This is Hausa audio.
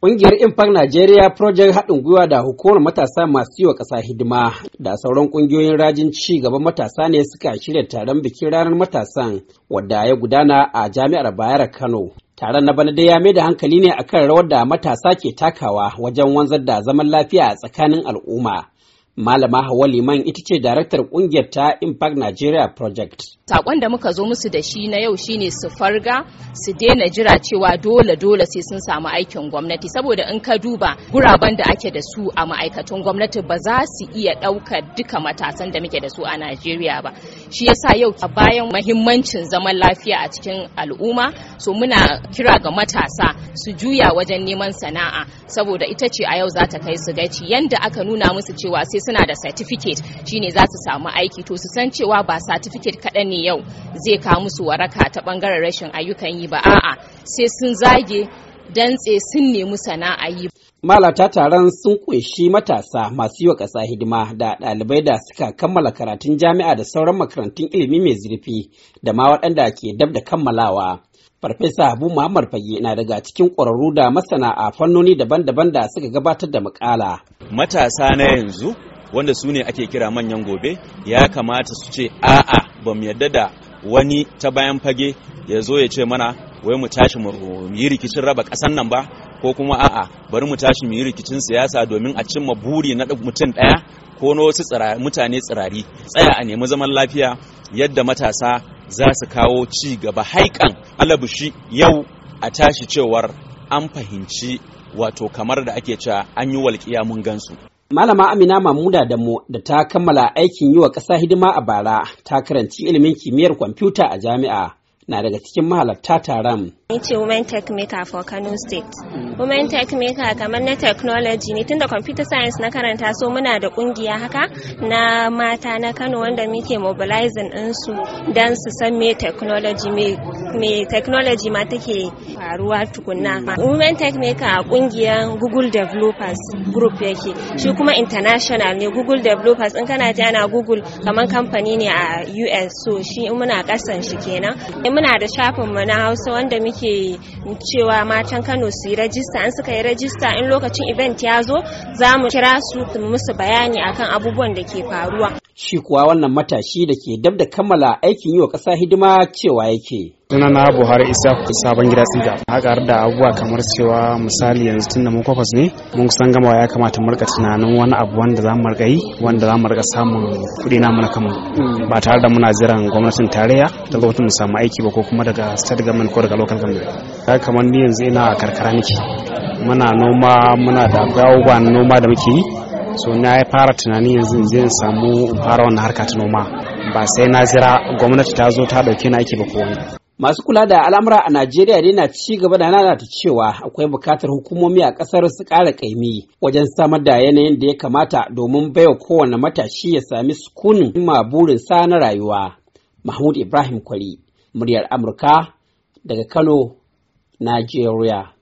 Ƙungiyar Impact Najeriya Project haɗin gwiwa da hukumar matasa masu yi wa ƙasa hidima da sauran ƙungiyoyin rajin ci gaban matasa ne suka shirya taron bikin ranar matasan wadda ya gudana a jami'ar Bayar Kano. Taron na bana dai ya mai da hankali ne akan rawar da matasa ke takawa wajen wanzar da zaman lafiya a tsakanin al'umma. Malama Hawa Liman ita ce daraktar kungiyar ta Impact Nigeria Project. Sakon da muka zo musu da shi na yau shine su farga su daina jira cewa dole dole sai sun samu aikin gwamnati saboda in ka duba guraben da ake da su a ma'aikatan gwamnati ba za su iya ɗauka duka matasan da muke da su a Najeriya ba. Shi yasa yau a bayan mahimmancin zaman lafiya a cikin al'umma so muna kira ga matasa su juya wajen neman sana'a saboda ita ce a yau za ta kai su gaci yanda aka nuna musu cewa sai suna da certificate shine za su samu aiki to su san cewa ba certificate kaɗan ne yau zai kawo musu waraka ta ɓangaren rashin ayyukan yi ba a'a sai sun zage dantse sun nemi sana'a yi. Malata taron sun kunshi matasa masu yi wa ƙasa hidima da ɗalibai da suka kammala karatun jami'a da sauran makarantun ilimi mai zurfi da ma waɗanda ke dab da kammalawa. Farfesa Abu Muhammad Fage na daga cikin ƙwararru da masana a fannoni daban-daban da suka gabatar da makala. Matasa na yanzu wanda su ne ake kira manyan gobe ya kamata su ce a'a ba mu yadda da wani ta bayan fage ya zo ya ce mana wai mu tashi mu yi rikicin raba ƙasan nan ba ko kuma a'a bari mu tashi mu yi rikicin siyasa domin a cimma buri na mutum ɗaya ko na wasu mutane tsirari tsaya a nemi zaman lafiya yadda matasa za su kawo ci gaba haikan alabushi yau a tashi cewar an fahimci wato kamar da ake cewa an yi walƙiya mun gansu Malama Amina Mamuda da mu da ta kammala aikin yi wa ƙasa hidima a bara ta karanci ilimin kimiyyar kwamfuta a jami'a na daga cikin mahalarta taron. Ni ce Women Tech Maker for Kano State. Women Tech Maker kamar na technology ne tunda computer science na karanta so muna da kungiya haka na mata na Kano wanda muke mobilizing ɗinsu don su san me technology me technology ma take faruwa tukunna women tech maker a kungiyar google developers group yake shi kuma international ne google developers in kana ji ana google kamar kamfani ne a us so shi muna kasan shi kenan muna da shafin mu na hausa wanda muke cewa matan kano su yi rajista an suka yi rajista in lokacin event ya zo za mu kira su musu bayani akan abubuwan da ke faruwa shi kuwa wannan matashi da ke dab da kammala aikin yi wa ƙasa hidima cewa yake suna na buhari isa sabon gida tsiga haƙar da abubuwa kamar cewa misali yanzu tun da mun kwafas ne mun kusan gama ya kamata mu rika tunanin wani abu wanda za mu rika yi wanda za mu rika samun kuɗi na mana kama. Mm. ba tare da muna jiran gwamnatin tarayya daga wata mu samu aiki ba ko kuma daga state government ko daga local government kaga kamar ni yanzu ina karkara nake muna noma muna da gawa noma da muke yi so na fara tunani yanzu zai samu fara wannan harka ta noma ba sai na jira gwamnati ta zo ta dauke na aiki ba ko wani Masu kula da al'amura a Najeriya dai na ci gaba da nanata cewa akwai bukatar hukumomi a ƙasar su ƙara ƙaimi wajen samar da yanayin da ya kamata domin baiwa kowane matashi ya sami sukunin burin sa na rayuwa. Mahmud Ibrahim Kwari, muryar Amurka daga Kano, Najeriya.